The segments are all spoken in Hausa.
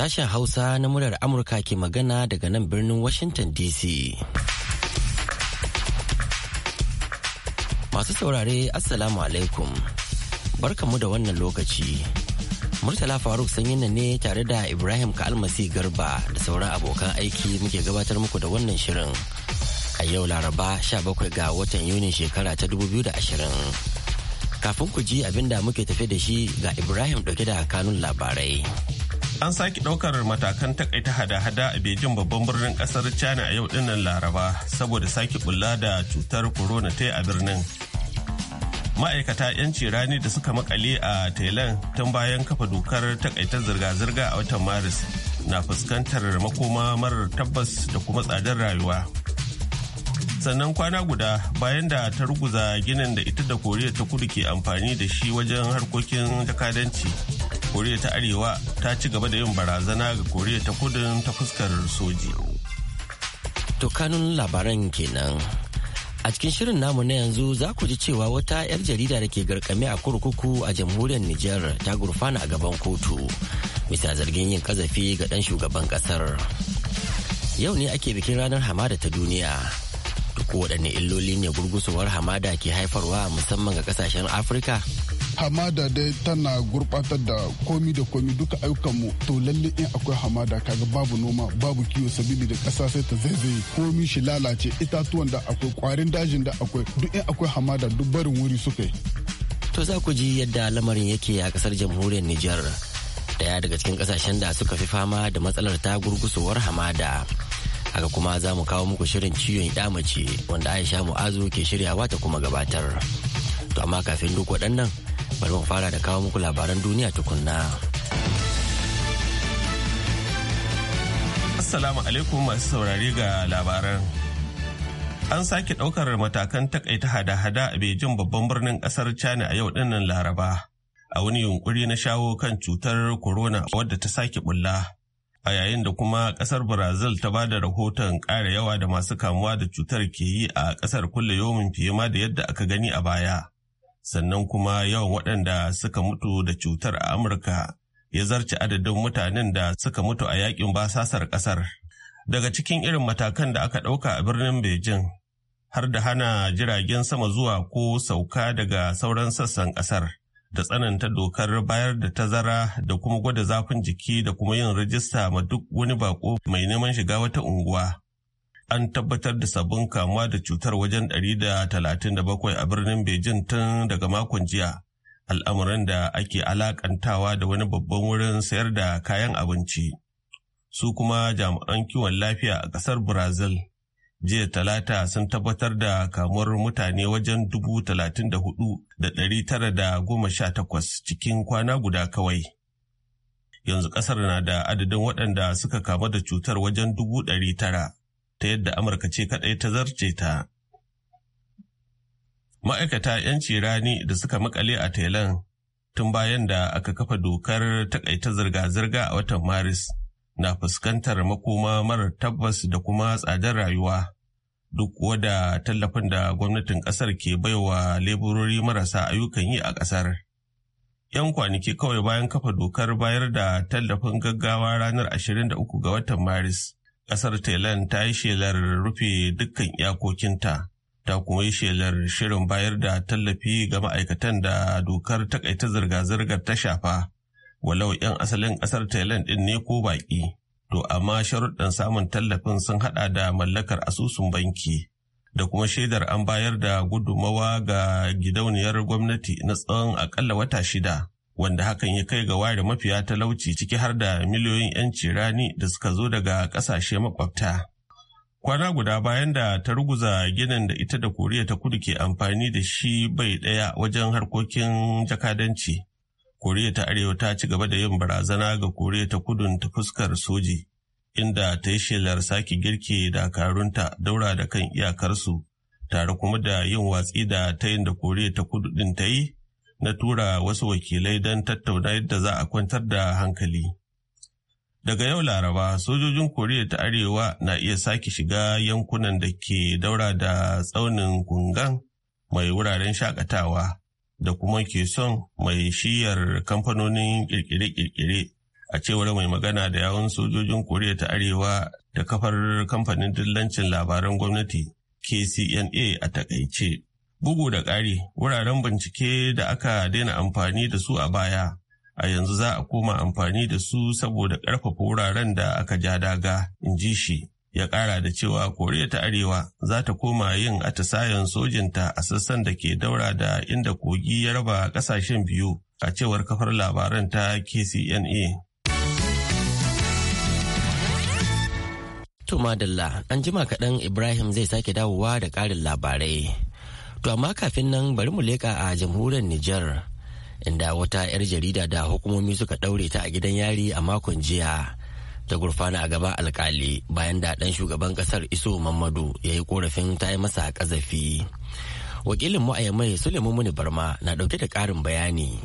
Sashen Hausa na murar Amurka ke magana daga nan birnin Washington DC. Masu saurare Assalamu alaikum. Barka mu da wannan lokaci. Murtala Faruk sanyin ne tare da Ibrahim Kalmasi Garba da sauran abokan aiki muke gabatar muku da wannan shirin. A yau Laraba 17 ga watan Yuni shekara ta 2020. kafin ku ji abin da muke tafe da shi ga Ibrahim ɗauke da kanun labarai. an sake ɗaukar matakan takaita hada-hada a Bejin babban birnin ƙasar China a yau dinnan Laraba saboda sake bulla da cutar corona ta a birnin. Ma'aikata 'yanci rani da suka makale a Thailand tun bayan kafa dokar takaita zirga-zirga a watan Maris na fuskantar makoma marar tabbas da kuma tsadar rayuwa. sannan kwana guda bayan da ta ruguza ginin da ita da koriya ta kudu ke amfani da shi wajen harkokin jakadanci koriya ta arewa ta ci gaba da yin barazana ga koriya ta kudin ta fuskar soji to kanun labaran kenan a cikin shirin namu na yanzu za ku ji cewa wata 'yar jarida da ke garkame a kurkuku a jamhuriyar niger ta gurfana a gaban kotu bisa zargin yin kazafi ga dan shugaban kasar yau ne ake bikin ranar hamada ta duniya duk waɗanne illoli ne gurgusuwar hamada ke haifarwa musamman ga kasashen afirka hamada dai tana gurbatar da komi da komi duka ayyukanmu to lalle in akwai hamada kaga babu noma babu kiwo sabili da kasa sai ta zaizaye komi shi lalace itatuwan da akwai kwarin dajin da akwai duk in akwai hamada duk barin wuri suka yi to za ku ji yadda lamarin yake a kasar jamhuriyar Nijar daya daga cikin kasashen da suka fi fama da matsalar ta gurgusowar hamada haka kuma za mu kawo muku shirin ciwon ya mace wanda Aisha Mu'azu ke shiryawa ta kuma gabatar to amma kafin duk waɗannan bari mu fara da kawo muku labaran duniya tukunna. Assalamu alaikum masu saurare ga labaran. An sake ɗaukar matakan takaita hada-hada a Bejin babban birnin ƙasar China a yau dinnan Laraba. A wani yunkuri na shawo kan cutar corona wadda ta sake bulla. A yayin da kuma ƙasar Brazil ta ba da rahoton ƙara yawa da masu kamuwa da cutar ke yi a ƙasar kulle yomin fiye ma da yadda aka gani a baya. sannan kuma yawan waɗanda suka mutu da cutar a Amurka ya zarci adadin mutanen da suka mutu a yakin basasar ƙasar. Daga cikin irin matakan da aka ɗauka a birnin Beijing, har da hana jiragen sama zuwa ko sauka daga sauran sassan ƙasar, da tsananta dokar bayar da tazara da kuma gwada zafin jiki da kuma yin rijista ma duk wani bako mai neman shiga wata unguwa. an tabbatar da sabbin kamuwa da cutar wajen 137 a birnin Beijing tun daga makon jiya. Al'amuran da ake alakantawa da wani babban wurin sayar da kayan abinci. Su kuma jami'an kiwon lafiya a ƙasar Brazil. Jiya talata sun tabbatar da kamuwar mutane wajen dubu talatin da hudu da ɗari tara da goma sha takwas cikin kwana guda kawai. Yanzu ƙasar na da adadin waɗanda suka kamu da cutar wajen dubu ɗari tara ta yadda Amurka ce kaɗai ta zarce ta. Ma'aikata 'yanci rani da suka makale a telan tun bayan da aka kafa dokar takaita zirga-zirga a watan Maris na fuskantar makoma mara tabbas da kuma tsadar rayuwa. Duk wada tallafin da gwamnatin ƙasar ke baiwa leburori marasa ayyukan yi a ƙasar. 'yan kwanaki kawai bayan kafa dokar bayar da tallafin gaggawa ranar 23 ga watan Maris, Ƙasar Thailand ta yi shelar rufe dukkan iyakokinta, ta kuma yi shelar shirin bayar da tallafi ga ma'aikatan da dokar takaita zirga-zirgar ta shafa, walau 'yan asalin ƙasar Thailand ɗin ne ko baƙi. To amma sharuɗan samun tallafin sun haɗa da mallakar asusun banki da kuma shaidar an bayar da gudummawa ga gidauniyar gwamnati na tsawon aƙalla wata shida. wanda hakan ya kai ga ware mafiya talauci ciki har da miliyoyin 'yan cirani da suka zo daga kasashe makwabta. Kwana guda bayan da ta ruguza ginin da ita da Koriya ta kudu ke amfani da shi bai ɗaya wajen harkokin jakadanci. Koriya ta Arewa ta ci gaba da yin barazana ga Koriya ta kudun ta fuskar soji, inda ta yi shelar sake girke dakarunta daura da kan iyakarsu, tare kuma da yin watsi da yin da Koriya ta kudu ɗin ta yi na tura wasu wakilai don tattauna yadda za a kwantar da hankali. Daga yau Laraba, sojojin Koriya ta Arewa na iya sake shiga yankunan da ke daura da tsaunin Gungan mai wuraren shakatawa da kuma ke son mai shiyar kamfanonin kirkire-kirkire a cewar mai magana da yawon sojojin Koriya ta Arewa da kafar kamfanin dillancin labaran gwamnati KCNA a takaice. Bugu da ƙari, wuraren bincike da aka daina amfani da su a baya, a yanzu za a koma amfani da su saboda ƙarfafa wuraren da aka ja daga, in ji shi. Ya ƙara da cewa Koriya ta Arewa za ta koma yin atisayen sojinta a sassan da ke daura da inda kogi ya raba ƙasashen biyu, a cewar kafar labaran ta KCNA. To madalla, an jima kaɗan Ibrahim zai sake dawowa da ƙarin labarai. To amma kafin nan bari mu leka a jamhuriyar Nijar inda wata 'yar jarida da hukumomi suka ɗaure ta a gidan yari a makon jiya ta gurfana a gaban alkali bayan da ɗan shugaban ƙasar iso mamadu ya yi korafin ta yi masa ƙazafi. wakilin mu a yamai Suleiman Muni Barma na dauke da karin bayani.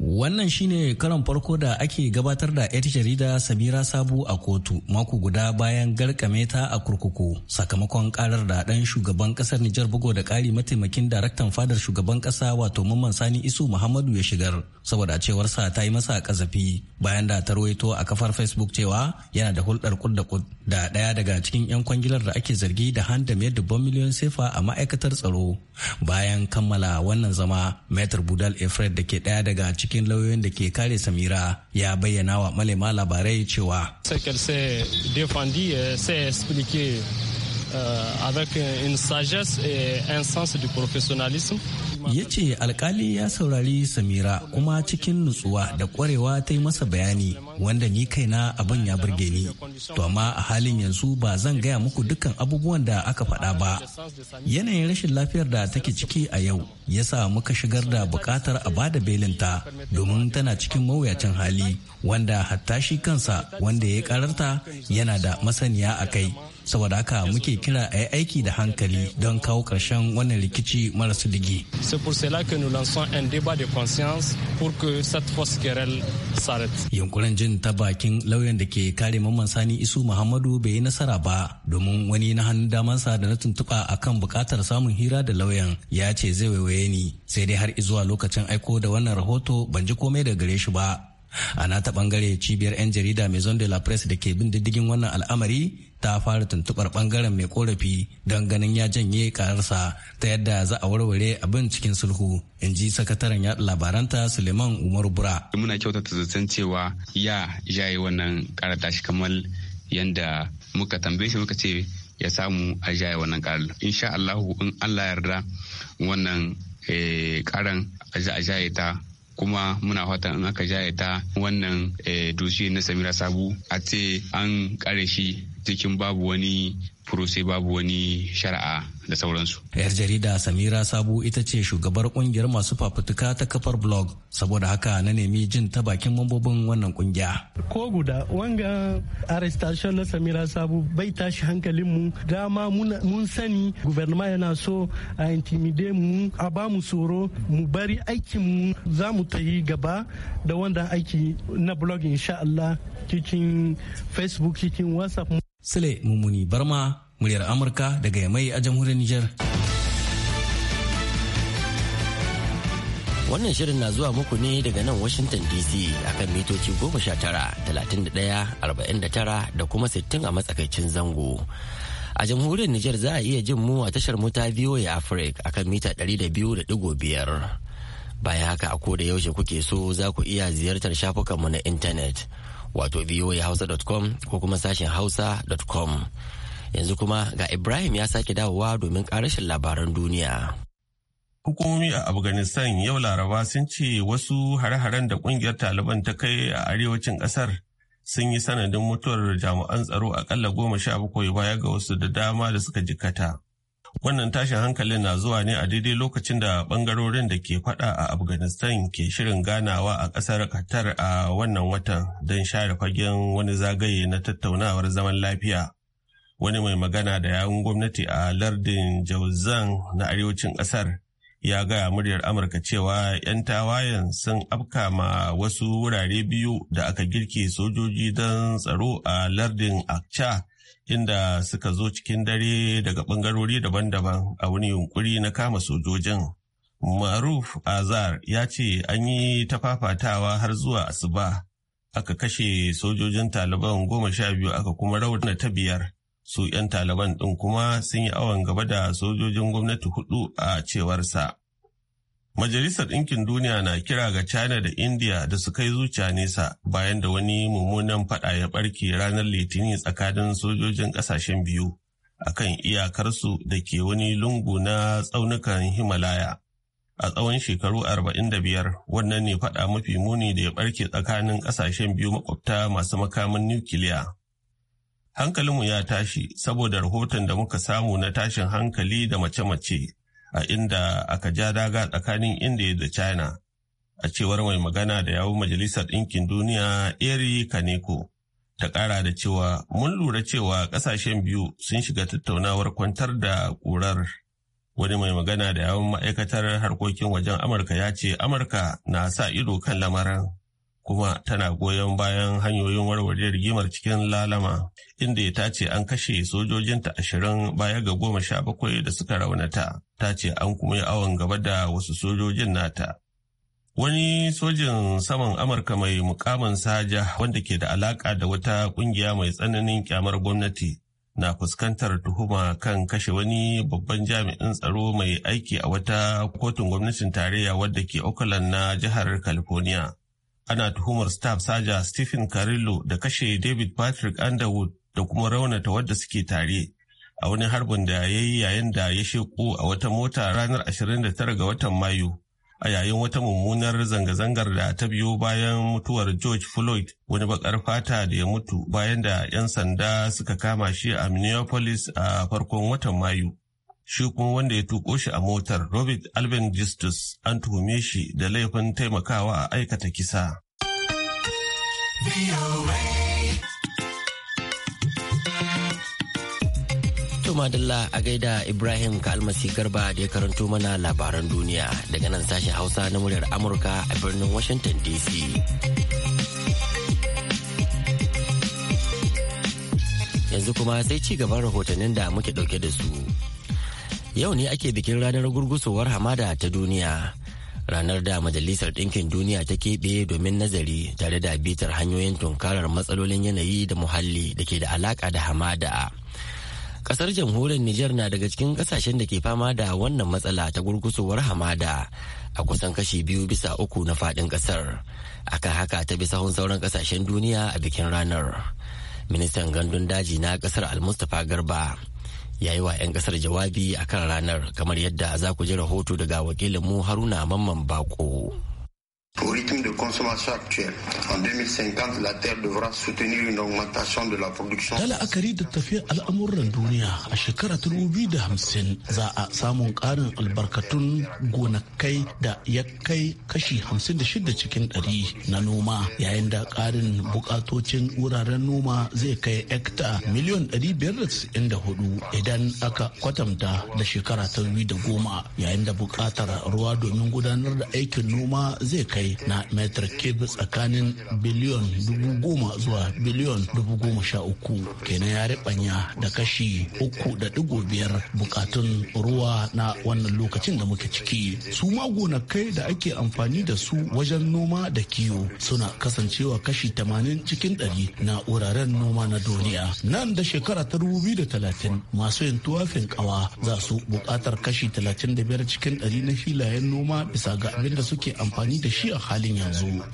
Wannan shine karon farko da ake gabatar da 'yar jarida Samira Sabu a kotu mako guda bayan garkame ta a kurkuku sakamakon karar da ɗan shugaban kasar Nijar bugo da kari mataimakin daraktan fadar shugaban ƙasa wato Mamman Sani Isu Muhammadu ya shigar saboda cewar sa ta yi masa kazafi bayan da ta ruwaito a kafar Facebook cewa yana da hulɗar kud da kud da ɗaya daga cikin 'yan kwangilar da ake zargi da handame dubban miliyon sefa a ma'aikatar tsaro. Bayan kammala wannan zama, metr Budal Efred da ke daya daga cikin cikin lauyoyin da ke kare Samira ya bayyana wa malama labarai cewa. Euh, ya ce alkali ya saurari samira kuma cikin nutsuwa da kwarewa ta yi masa bayani wanda ni kaina abin ya burge ni to amma a halin yanzu ba zan gaya muku dukkan abubuwan da aka faɗa ba yanayin rashin lafiyar da take ciki a yau ya sa muka shigar da bukatar a bada belinta domin tana cikin mawuyacin hali wanda hatta shi kansa wanda ya kararta yana da masaniya a kai saboda haka muke kira a yi aiki da hankali don kawo karshen wannan rikici marasu digi. Yunkurin jin jin ta bakin lauyan da ke kare mamman sani isu muhammadu bai yi nasara ba domin wani na hannun damansa da na tuntuɓa kan buƙatar samun hira da lauyan ya ce zai waiwaye ni sai dai har izuwa lokacin aiko da wannan rahoto ban ji komai daga gare shi ba a nata bangare cibiyar 'yan jarida mai de la presse da ke bin diddigin wannan al'amari ta fara tuntubar bangaren mai korafi don ganin ya janye kararsa ta yadda za a warware abin cikin sulhu in ji sakataren yaɗa labaranta suleiman umar bura muna kyautata zaton cewa ya yayi wannan kara tashi kamar yadda muka tambaye shi muka ce ya samu a jaye wannan karar insha allahu in allah yarda wannan eh, karan za a jaye ta kuma muna fatan in aka jaye ta wannan eh, dosiye na samira sabu a ce an kare shi cikin babu wani sai babu wani shari'a da sauransu. yar jarida samira sabu ita ce shugabar kungiyar masu fafutuka ta kafar blog saboda haka na nemi jin ta bakin mambobin wannan kungiya. ko guda wanga arrestation na samira sabu bai tashi hankalinmu dama mun sani guverna yana so a intimide mu a ba mu tsoro mu bari aikin mu za mu ta yi gaba da wanda aiki na blog insha Allah cikin facebook cikin whatsapp Sule Mummuni Barma, muryar Amurka daga Yamai a jamhuriyar Nijar. Wannan shirin na zuwa muku ne daga nan Washington DC akan mitoci 19 49 da kuma 60 a matsakaicin zango. A jamhuriyar Nijar za a iya jin mu a tashar mota VOA Africa akan mita 200.5. Baya haka a da yaushe kuke so za ku iya ziyartar shafukanmu na intanet. wato voahausa.com ko kuma sashen hausa.com. Yanzu kuma ga Ibrahim ya sake dawowa domin karashin labaran duniya. Hukumomi a Afghanistan yau Laraba sun ce wasu hare-haren da kungiyar Taliban ta kai a arewacin ƙasar sun yi sanadin mutuwar jami'an tsaro akalla goma sha bakwai baya ga wasu da dama da suka jikata. Wannan tashin hankalin na zuwa ne a daidai lokacin da bangarorin da ke fada a Afghanistan ke shirin ganawa a kasar Qatar a wannan watan don share fagen wani zagaye na tattaunawar zaman lafiya. Wani mai magana da yawun gwamnati a lardin Jauzan na arewacin kasar ya gaya muryar Amurka cewa 'yan tawayen sun afka ma wasu wurare biyu da aka girke sojoji don tsaro a lardin Akcha inda suka zo cikin dare daga bangarori daban-daban a wani yunkuri na kama sojojin. Maruf Azar ya ce an yi tafafatawa har zuwa asuba. Aka kashe sojojin Taliban goma sha biyu aka kuma raunar ta biyar. Su 'yan Taliban ɗin kuma sun yi awon gaba da sojojin gwamnati hudu a cewarsa. Majalisar Ɗinkin Duniya na kira ga China da India da su kai zuciya nesa bayan da wani mummunan faɗa ya barke ranar Litinin tsakanin sojojin ƙasashen biyu a kan iyakarsu da ke wani lungu na tsaunukan Himalaya. A tsawon shekaru 45 wannan ne faɗa mafi muni da ya ɓarke tsakanin ƙasashen biyu makwabta masu makaman nukiliya. Hankalinmu ya tashi saboda rahoton da muka samu na tashin hankali da mace-mace. a inda aka ja daga tsakanin India da China. A cewar mai magana da yawun Majalisar Ɗinkin Duniya Eri Kaneko ta ƙara da cewa mun lura cewa ƙasashen biyu sun shiga tattaunawar kwantar da ƙurar. Wani mai magana da yawun ma'aikatar harkokin wajen Amurka ya ce Amurka na sa ido kan lamarin. kuma tana goyon bayan hanyoyin warware rigimar cikin lalama inda ta ce an kashe sojojinta ashirin baya ga goma sha bakwai da suka raunata ta ce an kuma yi awon gaba da wasu sojojin nata wani sojin saman amurka mai mukamin saja wanda ke da alaka da wata kungiya mai tsananin kyamar gwamnati na fuskantar tuhuma kan kashe wani babban jami'in tsaro mai aiki a wata kotun gwamnatin tarayya wadda ke okalan na jihar California. ana tuhumar staff saja stephen carillo da kashe david patrick underwood da kuma raunata wadda suke tare a wani harbin da ya yi yayin da ya sheku a wata mota ranar 29 ga watan mayu a yayin wata mummunar zanga-zangar da ta biyo bayan mutuwar george floyd wani bakar fata da ya mutu bayan da 'yan sanda suka kama shi a minneapolis a farkon watan mayu shi kuma wanda ya tuko shi a motar robert alvin justus an tuhume shi da laifin taimakawa a aikata kisa madalla a gaida ibrahim kalmasi garba da ya karanto mana labaran duniya daga nan sashen hausa na muryar amurka a birnin washington dc yanzu kuma sai ci gaban rahotannin da muke dauke da su yau ne ake bikin ranar gurgusowar hamada ta duniya ranar da majalisar ɗinkin duniya ta keɓe domin nazari tare da bitar hanyoyin tunkarar matsalolin yanayi da muhalli da ke da alaƙa da hamada ƙasar jamhuriyar Nijar na daga cikin ƙasashen da ke fama da wannan matsala ta gurgusowar hamada a kusan kashi biyu bisa uku na faɗin ƙasar akan haka ta bi sahun sauran ƙasashen duniya a bikin ranar ministan gandun daji na ƙasar almustapha garba ya yi wa 'yan kasar jawabi a kan ranar kamar yadda za ku ji rahoto daga wakilinmu haruna mamman bako. consommation actuelle. En 2050, la Terre devra soutenir une augmentation de la production. Ta la'akari da tafiyar al'amuran duniya a shekara ta hamsin za a samun ƙarin albarkatun gonakai da ya kai kashi shida cikin ɗari na noma yayin da ƙarin bukatocin wuraren noma zai kai hekta miliyon hudu idan aka kwatanta da shekara ta goma yayin da bukatar ruwa domin gudanar da aikin noma zai kai na tarkib tsakanin biliyon dubu goma zuwa biliyon dubu goma sha uku kenan ya ribanya da kashi uku da digo biyar bukatun ruwa na wannan lokacin da muke ciki su ma gonakai da ake amfani da su wajen noma da kiwo suna kasancewa kashi tamanin cikin ɗari na wuraren noma na duniya nan da shekara ta talatin masu yin tuwafin kawa za su buƙatar kashi talatin da biyar cikin ɗari na filayen noma bisa ga abin da suke amfani da shi a halin yanzu Zuma.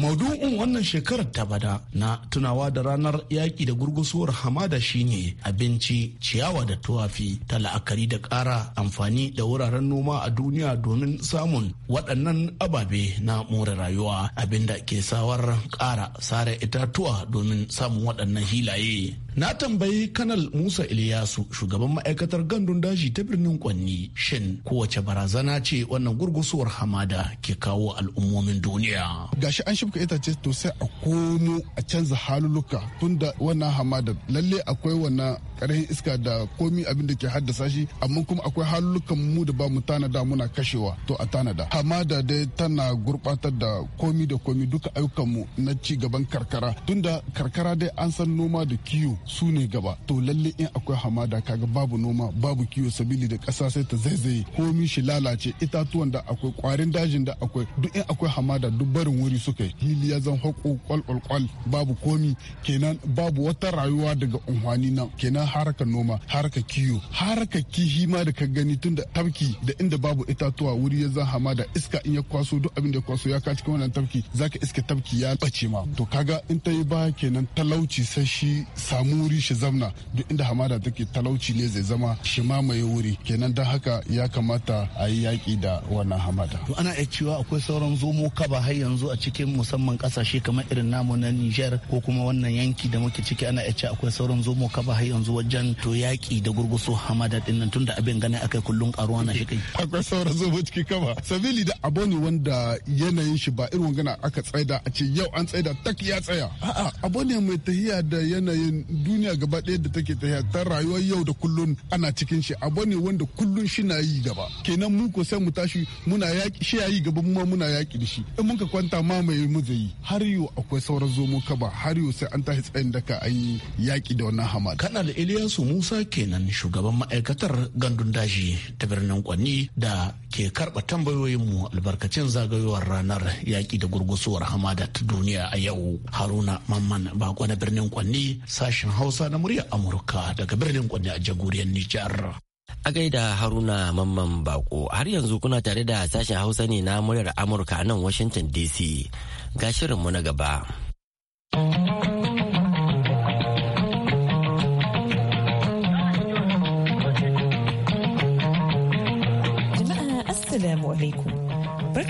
Maudu'in wannan shekarar ta bada na tunawa da ranar yaƙi da gurgusuwar hamada shine abinci, ciyawa da tuwafi ta la'akari da ƙara amfani da wuraren noma a duniya domin samun waɗannan ababe na more rayuwa abinda ke sawar ƙara sare itatuwa domin samun waɗannan hilaye. Na tambayi Kanal Musa Iliyasu shugaban ma'aikatar gandun daji ta birnin Kwanni shin kowace barazana ce wannan gurgusuwar hamada ke kawo al'ummomin duniya. Gashi an ita itace to sai a komo a canza haluluka tunda wannan hamada lalle akwai wannan karhin iska da komi abin da ke haddasa shi amma kuma akwai halulukan mu da ba mu tanada muna kashewa to a tanada. Hamada dai tana gurbatar da komi da komi duka ayyukan mu na ci gaban karkara tunda karkara dai an san noma da kiwo su ne gaba to lalle in akwai hamada kaga babu noma babu kiwo sabili da ƙasa sai ta zaizaye komi shi lalace itatuwan da akwai kwarin dajin da akwai duk in akwai hamada duk barin wuri suka yi hili ya zan haƙo kwalkwalkwal babu komi kenan babu wata rayuwa daga unhwani nan kenan harkar noma harkar kiwo harkar kihi ma da ka gani tun da tafki da inda babu itatuwa wuri ya zan hamada iska in ya kwaso duk abin da ya kwaso ya ka cikin wannan tafki zaka iska tafki ya bace ma to kaga in ta yi ba kenan talauci sai shi samu Muri shi zamna duk inda hamada take talauci ne zai zama shi mamaye wuri kenan don haka ya kamata a yi yaƙi da wannan hamada. To ana iya cewa akwai sauran zomo kaba har yanzu a cikin musamman kasashe kamar irin namu na Nijar ko kuma wannan yanki da muke ciki ana iya cewa akwai sauran zomo kaba har yanzu wajen to yaƙi da gurguso hamada din nan tunda abin gane akai kullun karuwa na shi kai. Akwai sauran zomo ciki kaba. Sabili da abu ne wanda yanayin shi ba irin gana aka tsaida a ce yau an tsaida tak ya tsaya. A'a abu ne mai tahiya da yanayin duniya gaba ɗaya da take ta ta rayuwar yau da kullun ana cikin shi abu ne wanda kullun shi na yi gaba kenan mu ko sai mu tashi muna yaƙi shi yayi gaba mu muna yaki da shi in muka kwanta ma mai mu zai har yau akwai sauran zomo kaba har yau sai an tashi tsayin daka an yi yaƙi da wannan hamad kana da Iliyasu Musa kenan shugaban ma'aikatar gandun daji ta birnin Kwanni da ke karɓa tambayoyinmu albarkacin zagayowar ranar yaƙi da gurgusuwar hamada ta duniya a yau. Haruna Mamman Bako na birnin Kwanni sashen Hausa na muryar Amurka daga birnin Kwanni a jagoriyar Nijar. A gaida Haruna Mamman Bako har yanzu kuna tare da sashen Hausa ne na muryar Amurka a nan Washington DC. Ga shirinmu na gaba.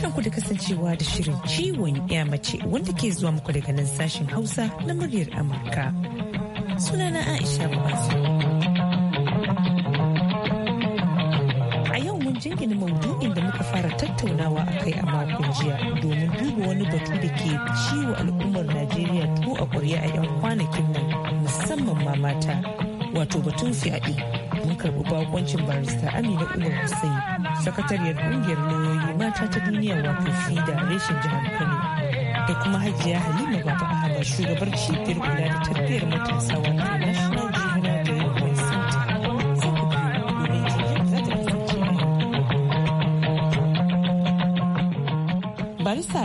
barkan ku da kasancewa da shirin ciwon ya mace wanda ke zuwa muku daga nan sashen Hausa na muryar Amurka. Sunana Aisha yau mun jingina maudu'in da muka fara tattaunawa a kai a makon jiya domin duba wani batu da ke ciwo al'ummar najeriya ko a ƙwarya a 'yan kwanakin nan musamman ma mata wato batun fyaɗe mun karɓi bakoncin barista amina umar hussein sakatariyar kungiyar lauyoyi mata ta duniya wato fida reshen jihar kano da kuma hajiya halima baba ahmad shugabar cibiyar kula da tarbiyyar matasa wato national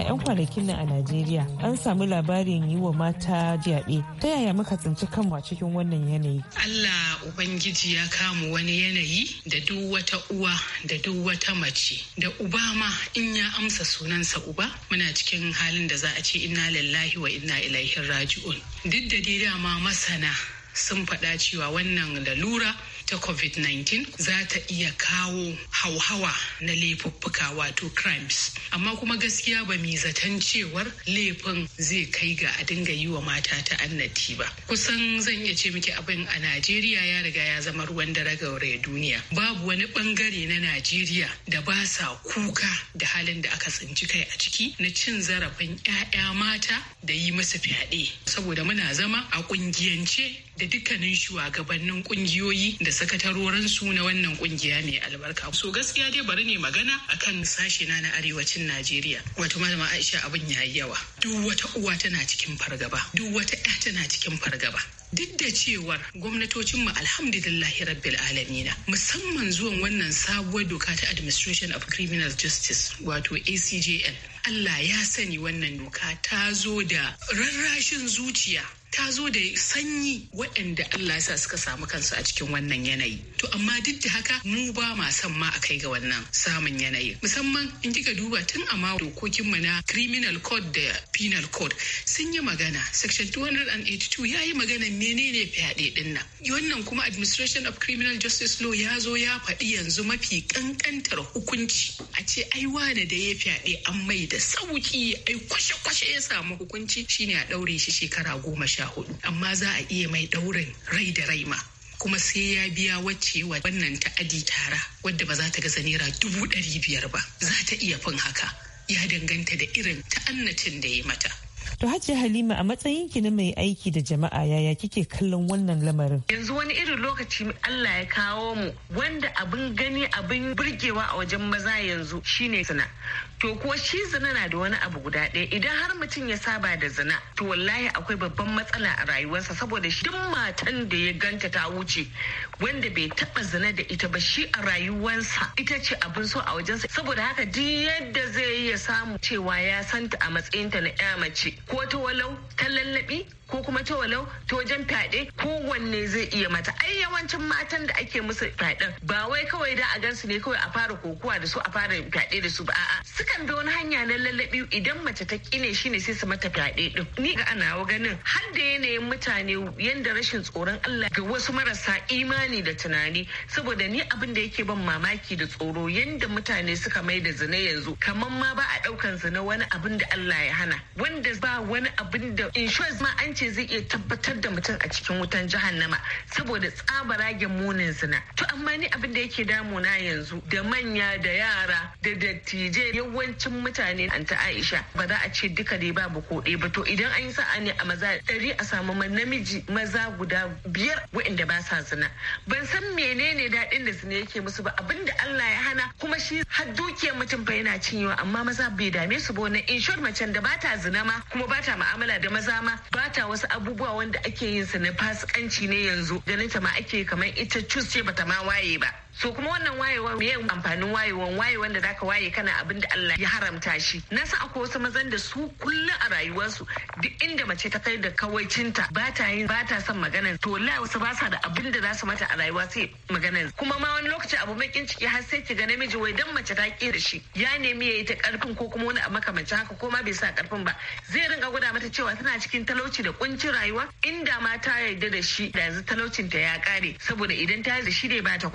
'yan kwanakin nan a Najeriya an samu labarin yi wa mata fyaɗe. Ta yaya muka tsinci kanmu a cikin wannan yanayi? Allah Ubangiji ya kamu wani yanayi da duk wata uwa da duk wata mace da uba ma in ya amsa sunansa uba muna cikin halin da za a ce inna lallahi wa inna ilaihi raji'un. Duk da dai dama masana sun faɗa cewa wannan lalura ta covid-19 za ta iya kawo hauhawa na laifuffuka wato crimes amma kuma gaskiya ba mi zaton cewar laifin zai kai ga a dinga yi wa mata ta annati ba kusan zan iya ce miki abin a najeriya ya riga ya zama ruwan dare ga duniya babu wani bangare na najeriya da ba sa kuka da halin da aka tsinci kai a ciki na cin zarafin 'ya'ya mata da yi musu fyaɗe saboda muna zama a kungiyance da dukkanin shugabannin kungiyoyi da sakatarorinsu na wannan kungiya mai albarka. So gaskiya dai bari ne magana akan sashe na na arewacin Najeriya. Wato malama Aisha abin yayi yawa. Duk wata uwa tana cikin fargaba. Duk wata 'ya tana cikin fargaba. duk da cewar gwamnatocinmu alhamdulillahi rabbil alamina musamman zuwan wannan sabuwar doka ta administration of criminal justice wato acjn allah ya sani wannan doka ta zo da rarrashin zuciya ta zo da sanyi waɗanda Allah sa suka samu kansu a cikin wannan yanayi. To amma duk da haka mu ba ma son ma a kai ga wannan samun yanayi. Musamman in kika duba tun a ma dokokin mu na criminal code da penal code sun yi magana section 282 ya yi magana ne. menene fyaɗe ɗin nan wannan kuma administration of criminal justice law ya zo ya faɗi yanzu mafi ƙanƙantar hukunci a ce ai wane da ya fyaɗe an mai da sauki ai kwashe-kwashe ya samu hukunci shine a ɗaure shi shekara goma sha hudu amma za a iya mai ɗaurin rai da rai ma kuma sai ya biya wacce wa wannan ta'adi tara wadda ba za ta gaza naira dubu ɗari biyar ba za ta iya fin haka ya danganta da irin ta'annacin da ya mata To Hajiya Halima a matsayin ki na mai aiki da jama'a yaya kike kallon wannan lamarin? Yanzu wani irin lokaci Allah ya kawo mu wanda abin gani abin burgewa a wajen maza yanzu shine sana. to kuwa shi zina na da wani abu guda ɗaya idan har mutum ya saba da zina to wallahi akwai babban matsala a rayuwarsa saboda shi duk matan da ya ganta ta wuce wanda bai taɓa zina da ita ba shi a rayuwarsa ita ce abin so a wajensa saboda haka duk yadda zai ya samu cewa ya santa a matsayinta na ya mace ko ta walau ta lallabi ko kuma ta walau ta wajen fyaɗe Ko wanne zai iya mata ai yawancin matan da ake musu fyaɗen ba wai kawai da a gansu ne kawai a fara kokuwa da su a fara fyaɗe da su ba a'a sukan bi wani hanya na lallabi idan mace ta kine ne sai su mata fyaɗe din ni ga ana ganin har da yanayin mutane yanda rashin tsoron Allah ga wasu marasa imani da tunani saboda ni abin da yake ban mamaki da tsoro yanda mutane suka mai da zina yanzu kamar ma ba a ɗaukan zina wani abin da Allah ya hana wanda ba wani abin da insurance ma an ce zai iya tabbatar da mutum a cikin wutan jahannama saboda tsabaragen munin zina to amma ni abin da yake damuna yanzu da manya da yara da dattijai yawancin mutane an ta aisha ba za a ce duka dai babu ko ɗaya ba to idan an yi sa'a ne a maza ɗari a samu namiji maza guda biyar waɗanda ba sa zina ban san menene daɗin da zina yake musu ba abin da Allah ya hana kuma shi har dukiyar mutum ba yana cinyewa amma maza bai dame su ba wannan in macen da ba ta zina ma kuma ba ta ma'amala da maza ma bata sa wasu abubuwa wanda ake yin su na fasikanci ne yanzu ganin ta ma ake kamar ita cus ce bata ma waye ba so kuma wannan wayewa me amfanin wayewan wayewan da zaka waye kana abin da Allah ya haramta shi na sa akwai wasu mazan da su kullum a rayuwarsu duk inda mace ta kai da kawaicinta ba ta yin ba ta son magana to wallahi wasu ba sa da abin da za su mata a rayuwa sai magana kuma ma wani lokaci abu mai ciki har sai ki ga namiji wai dan mace ta ke da shi ya nemi yayi ta karfin ko kuma wani mace haka ko ma bai sa karfin ba zai rinka gwada mata cewa tana cikin talauci da kuncin rayuwa inda ma ta yarda da shi da yanzu talaucinta ya kare saboda idan ta yarda shi dai ba ta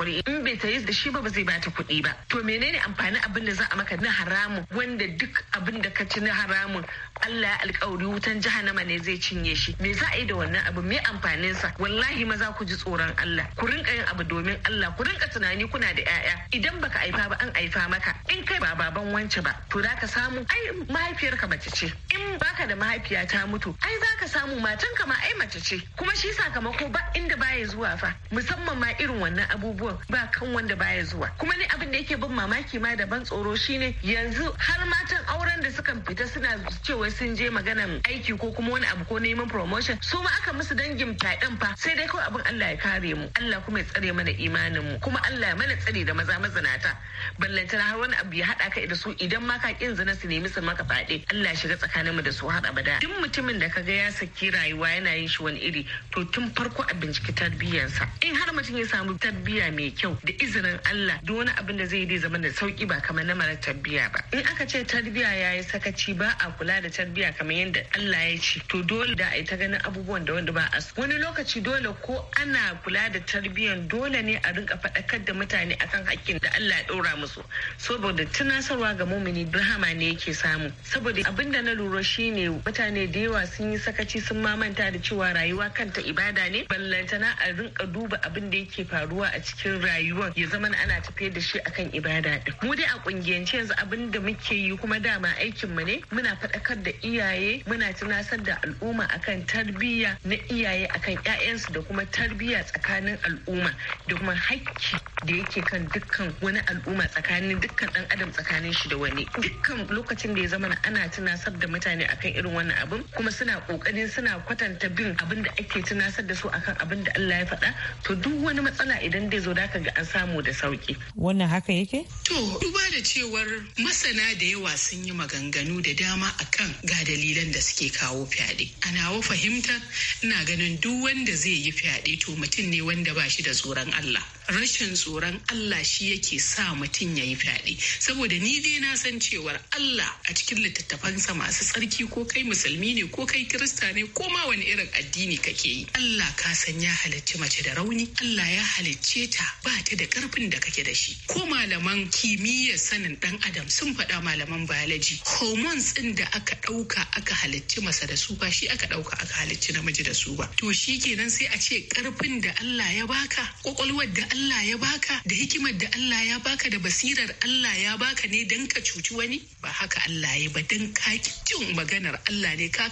bai yi da shi ba ba zai bata kuɗi ba to menene amfani abin da za a maka na haramun wanda duk abin da ka ci na haramun Allah ya alkawari wutan jahannama ne zai cinye shi me za a yi da wannan abu me amfanin sa wallahi maza ku ji tsoron Allah ku rinka yin abu domin Allah ku rinka tunani kuna da ƴaƴa idan baka aifa ba an aifa maka in kai ba baban wance ba to za ka samu ai mahaifiyarka mace ce in baka da mahaifiya ta mutu ai za ka samu matanka ma ai mace ce kuma shi sakamako ba inda baya zuwa fa musamman ma irin wannan abubuwan ba kan wanda baya zuwa kuma ne abin da yake bin mamaki ma da ban tsoro shine yanzu har matan auren da suka fita suna cewa wai sun je maganan aiki ko kuma wani abu ko neman promotion su ma aka musu dangin fyaɗen fa sai dai kawai abin Allah ya kare mu Allah kuma ya tsare mana imanin mu kuma Allah ya mana tsare da maza mazinata ballantana har wani abu ya haɗa ka da su idan ma ka kin zina su nemi su maka fyaɗe Allah shiga tsakanin mu da su har abada duk mutumin da kaga ya saki rayuwa yana yin shi wani iri to tun farko a binciki sa in har mutum ya samu tarbiyya mai kyau da izinin Allah duk wani abin da zai yi zai zama da sauki ba kamar na mara tarbiyya ba in aka ce tarbiyya yayi sakaci ba a kula da tarbiya kamar yadda Allah ya ce to dole da ai ta ganin abubuwan da wanda ba a wani lokaci dole ko ana kula da tarbiyan. dole ne a rinka faɗakar da mutane akan hakkin da Allah ya ɗora musu saboda tunasarwa ga mumini rahama ne yake samu saboda abin da na lura shine mutane da yawa sun yi sakaci sun mamanta da cewa rayuwa kanta ibada ne ballantana a rinka duba abin da yake faruwa a cikin rayuwar ya zama ana tafiyar da shi akan ibada din mu dai a kungiyance yanzu abin da muke yi kuma dama aikin mu ne muna faɗakar da da iyaye muna tunasar da al'umma akan tarbiyya na iyaye akan 'ya'yansu da kuma tarbiyya tsakanin al'umma da kuma hakki da yake kan dukkan wani al'umma tsakanin dukkan ɗan adam tsakanin shi da wani dukkan lokacin da ya zama ana tunasar da mutane akan irin wannan abin kuma suna kokarin suna kwatanta bin abin da ake tunasar da su akan abin da Allah ya faɗa to duk wani matsala idan dai zo da ga an samu da sauki wannan haka yake to duba da cewar masana da yawa sun yi maganganu da dama akan ga dalilan da suke kawo fyaɗe a nawa fahimta ina ganin duk wanda zai yi fyaɗe to mutum ne wanda ba shi da tsoron Allah rashin tsoron Allah shi yake sa mutum ya yi fyaɗe saboda ni dai na san cewar Allah a cikin littattafansa masu tsarki ko kai musulmi ne ko kai kirista ne ko ma wani irin addini kake yi Allah ka san ya halicci mace da rauni Allah ya halicce ta ba ta da karfin da kake da shi ko malaman kimiyyar sanin dan adam sun faɗa malaman biology hormones ɗin da aka ɗauka aka halicci masa da su ba shi aka ɗauka aka halicci namiji da su ba to shi kenan sai a ce karfin da Allah ya baka kwakwalwar da Allah Allah ya baka da hikimar da Allah ya baka da basirar Allah ya baka ne dan ka cuci wani ba haka Allah ya ba don ka kin maganar Allah ne ka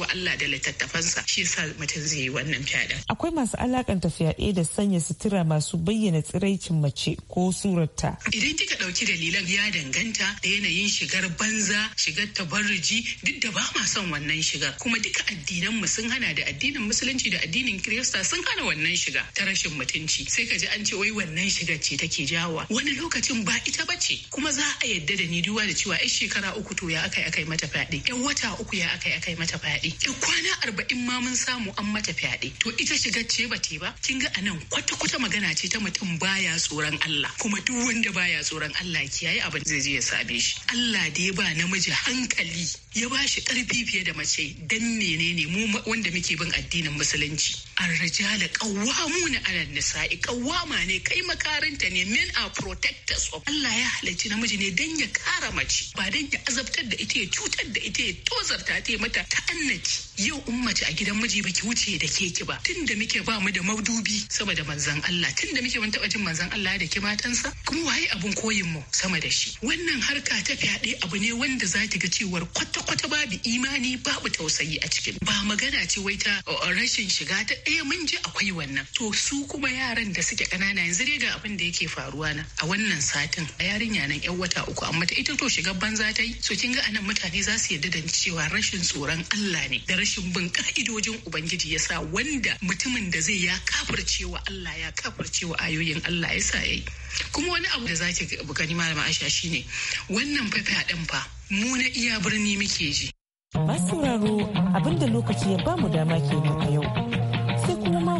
wa Allah da littattafansa shi yasa mutum zai yi wannan fyaɗe. Akwai masu alakanta fyaɗe da sanya sutura masu bayyana tsiraicin mace ko surarta. Idan kika ɗauki dalilan ya danganta da yanayin shigar banza shigar tabarruji duk da ba ma son wannan shigar kuma duka addinan mu sun hana da addinin musulunci da addinin kirista sun hana wannan shiga ta rashin mutunci sai ka ji an ce wai wannan shiga ce take jawa wani lokacin ba ita ba ce kuma za a yadda da ni duwa da cewa yan shekara uku to ya akai akai mata fyaɗe yan wata uku ya akai akai mata fyaɗe yan kwana arba'in ma mun samu an mata fyaɗe to ita shiga ce ba te ba kin ga anan kwata kwata magana ce ta mutum baya tsoron Allah kuma duk wanda baya tsoron Allah kiyaye abin zai je ya sabe shi Allah da ya ba namiji hankali ya ba shi ƙarfi fiye da mace dan menene mu wanda muke bin addinin musulunci arrijala qawwamuna 'ala nisa'i qawwama ne kai makarinta ne men are protectors of Allah ya halarci namiji ne dan ya kara mace ba dan ya azabtar da ita ya cutar da ita ya tozarta ta mata ta ta'annaci yau in a gidan miji baki wuce da keki ba tunda muke ba mu da maudubi sama da manzon Allah tunda muke mun taba jin manzon Allah da ke matansa kuma waye abun koyin mu sama da shi wannan harka ta fyaɗe abu ne wanda zaki ga cewar kwata-kwata babu imani babu tausayi a cikin ba magana ce wai ta rashin shiga ta ɗaya eh, mun ji akwai wannan to su kuma yaran da suke ƙanana yanzu dai ga abin da yake faruwa na a wannan satin a yarinya nan yan wata uku amma ta ita to shiga banza ta yi so kin ga anan mutane za su yarda da cewa rashin tsoron Allah ne da rashin bin ka'idojin ubangiji ya sa wanda mutumin da zai ya kafircewa Allah ya kafircewa ayoyin Allah yasa yayi kuma wani abu da zaki gani malama Aisha shine wannan fafaɗan fa mu na iya birni muke ji. Masu sauraro abinda lokaci ya ba mu dama ke a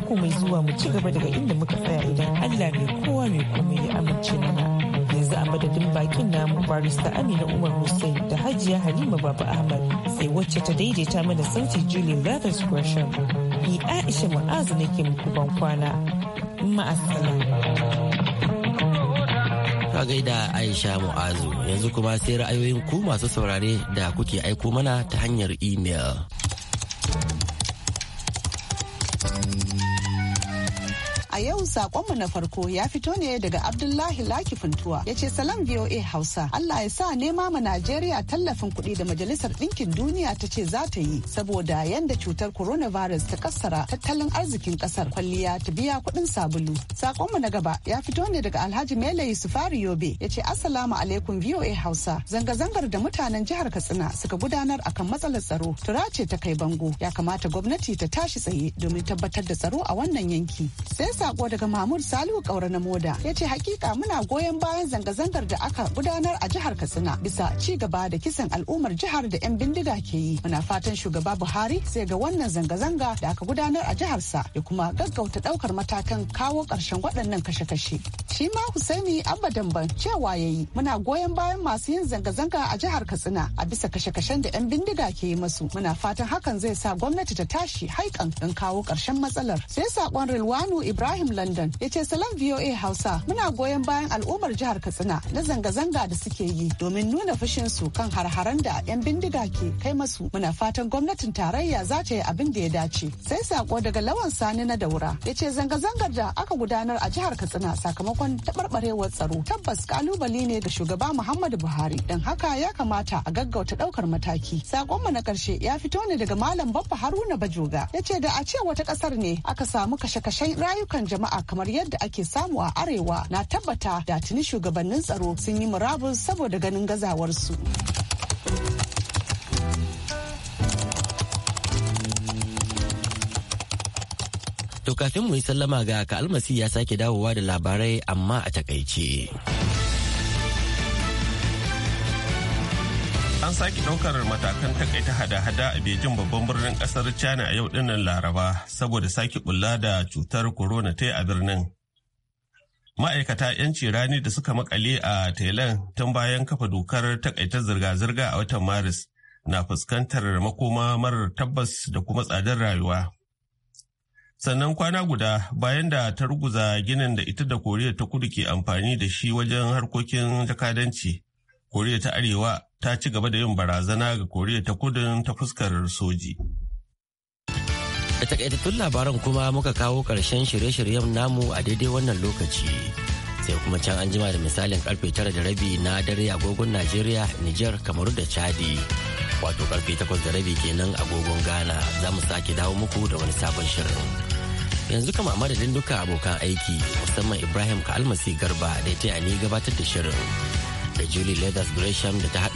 mako mai zuwa mu ci gaba daga inda muka tsaya idan Allah mai kowa mai komai ya amince mana. Yanzu a madadin bakin namu barista Amina Umar Hussein da Hajiya Halima Baba Ahmad sai wacce ta daidaita mana sauti Julian Lathers Gresham. Ni Aisha Mu'azu nake muku ban kwana. Ma'asala. ka gaida Aisha Mu'azu yanzu kuma sai ra'ayoyin ku masu saurare da kuke aiko mana ta hanyar imel. a yau sakonmu na farko ya fito ne daga Abdullahi Laki Funtuwa. Ya ce salam VOA Hausa. Allah ya sa nema ma Najeriya tallafin kuɗi da Majalisar Ɗinkin Duniya ta ce za ta yi saboda yanda cutar coronavirus ta kassara tattalin arzikin ƙasar kwalliya ta biya kuɗin sabulu. Sakonmu na gaba ya fito ne daga Alhaji Mele Yusufari Yobe. Ya ce Assalamu alaikum VOA Hausa. Zanga-zangar da mutanen jihar Katsina suka gudanar akan matsalar tsaro. Tura ce ta kai bango. Ya kamata gwamnati ta tashi tsaye domin tabbatar da tsaro a wannan yanki. Sai sako daga daga Mahmud Salihu Kaura na Moda ya ce hakika muna goyon bayan zanga-zangar da aka gudanar a jihar Katsina bisa ci gaba da kisan al'ummar jihar da 'yan bindiga ke yi. Muna fatan shugaba Buhari zai ga wannan zanga-zanga da aka gudanar a jiharsa ya kuma gaggauta daukar matakan kawo ƙarshen waɗannan kashe-kashe. Shi ma Husaini Abba Damban cewa ya yi muna goyon bayan masu yin zanga-zanga a jihar Katsina a bisa kashe-kashen da 'yan bindiga ke yi masu. Muna fatan hakan zai sa gwamnati ta tashi haikan don kawo ƙarshen matsalar. Sai saƙon Rilwanu Ibrahim Lan London ya ce salon VOA Hausa muna goyon bayan al'ummar jihar Katsina na zanga-zanga da suke yi domin nuna fushin su kan har harharan da 'yan bindiga ke kai masu muna fatan gwamnatin tarayya za ta yi abin da ya dace. Sai sako daga lawan sani na daura ya ce zanga-zangar da aka gudanar a jihar Katsina sakamakon taɓarɓarewar tsaro tabbas kalubale ne ga shugaba Muhammadu Buhari don haka ya kamata a gaggauta ɗaukar mataki. Sakonmu na ƙarshe ya fito ne daga Malam babba Haruna Bajoga ya ce da a ce wata ƙasar ne aka samu kashe-kashen rayukan jama'a jama'a kamar yadda ake samu a arewa na tabbata da tuni shugabannin tsaro sun yi murabus saboda ganin gazawarsu. To kafin mu yi sallama ga ka almasi ya sake dawowa da labarai amma a takaice. an sake ɗaukar matakan takaita hada-hada a Bejin babban birnin ƙasar China a yau dinnan Laraba saboda sake bulla da cutar corona ta a birnin. Ma'aikata 'yanci rani da suka makale a Thailand tun bayan kafa dokar takaita zirga-zirga a watan Maris na fuskantar makoma marar tabbas da kuma tsadar rayuwa. Sannan kwana guda bayan da ta ruguza ginin da ita da Koriya ta kudu ke amfani da shi wajen harkokin jakadanci, Koriya ta Arewa ta ci gaba da yin barazana ga koriya ta kudin ta fuskar soji. da takaitattun labaran kuma muka kawo karshen shirye-shiryen namu a daidai wannan lokaci sai kuma can an jima da misalin karfe tara da rabi na dare agogon najeriya niger kamaru da chadi wato karfe takwas da rabi kenan agogon ghana za mu sake dawo muku da wani sabon shirin yanzu kama madadin duka abokan aiki musamman ibrahim ka almasi garba da ta ni gabatar da shirin da julie leathers gresham da ta